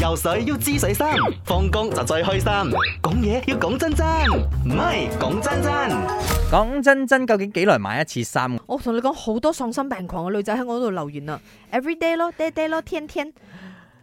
游水要知水深，放工就最開心。講嘢要講真真，唔係講真真。講真真究竟幾耐買一次衫？我同你講好多喪心病狂嘅女仔喺我度留言啊：「every day 咯，day day 咯，天天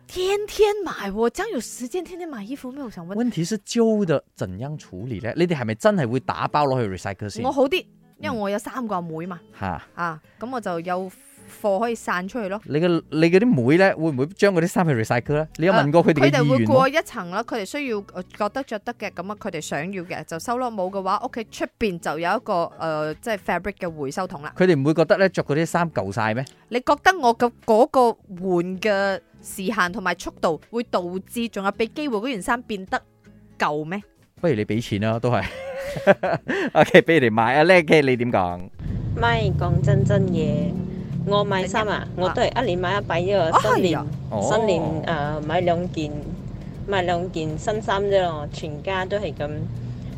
天天買，真有時間天天買衣服咩？好想問。問題是舊的怎樣處理咧？你哋係咪真係會打包攞去 recycle 先？我好啲，因為我有三個阿妹嘛。吓、嗯、啊，咁我就有。貨可以散出去咯。你嘅你嗰啲妹咧，會唔會將嗰啲衫去 recycle 咧？你有問過佢哋嘅意願冇？佢哋會過一層咯。佢哋需要覺得着得嘅咁啊，佢哋想要嘅就收咯。冇嘅話，屋企出邊就有一個誒，即係 fabric 嘅回收桶啦。佢哋唔會覺得咧着嗰啲衫舊晒咩？你覺得我咁嗰個換嘅時限同埋速度會導致仲有俾機會嗰件衫變得舊咩？不如你俾錢啦，都係。OK，不如你買啊，叻 K，你點講？咪講真真嘢。我買衫啊！我都係一年買一擺，因為新年，新年誒買兩件，買兩件新衫啫咯。全家都係咁，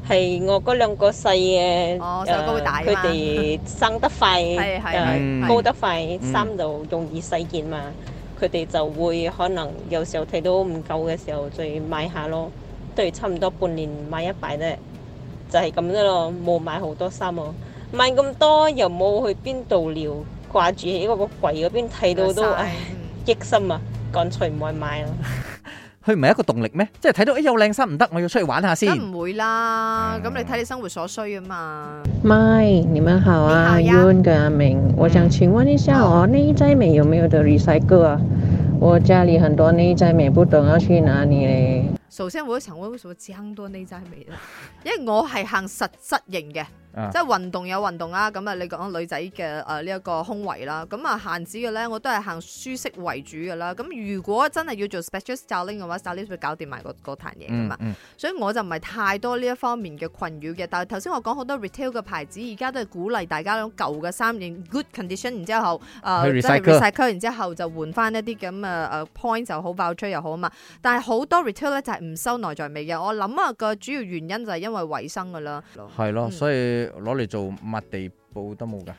係我嗰兩個細嘅，佢哋生得快，高得快，衫就容易細件嘛。佢哋就會可能有時候睇到唔夠嘅時候再買下咯，都係差唔多半年買一擺啫，就係咁啫咯，冇買好多衫哦。買咁多又冇去邊度料。掛住，喺個櫃嗰邊睇到都唉激心啊，乾脆唔愛買啦。佢唔係一個動力咩？即係睇到哎有靚衫唔得，我要出去玩下先。都唔會啦，咁你睇你生活所需啊嘛。咪，你們好啊，阿 Yun、阿明，我想請問一下，我內衣在美有沒有得 recycle 啊？我家裏很多內衣在美，不懂要去哪裏咧。首先我一場會會做幾多呢種味啦，因為我係行實質型嘅，uh, 即係運動有運動啦，咁啊，你講女仔嘅誒呢一個胸圍啦，咁、嗯、啊限制嘅咧我都係行舒適為主嘅啦。咁如果真係要做 special styling 嘅話 stylist 會搞掂埋個個壇嘢噶嘛。所以我就唔係太多呢一方面嘅困擾嘅。但係頭先我講好多 retail 嘅牌子，而家都係鼓勵大家攞舊嘅衫 in good condition，然之後誒即係 recycle，然之後就換翻一啲咁啊誒 point 就好爆出又好啊嘛。但係好多 retail 咧就唔收內在味嘅，我諗啊個主要原因就係因為衛生噶啦，係咯，所以攞嚟做抹地布都冇噶，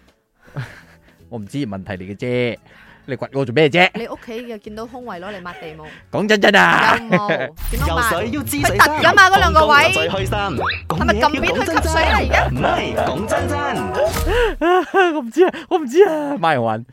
我唔知問題嚟嘅啫，你掘我做咩啫？你屋企又見到空位攞嚟抹地布，講真真啊，有冇？見到水要滋水噶嘛？嗰兩個位，最開心，係咪撳邊推吸水啊？而家唔係講真真，我唔知啊，我唔知啊，馬雲。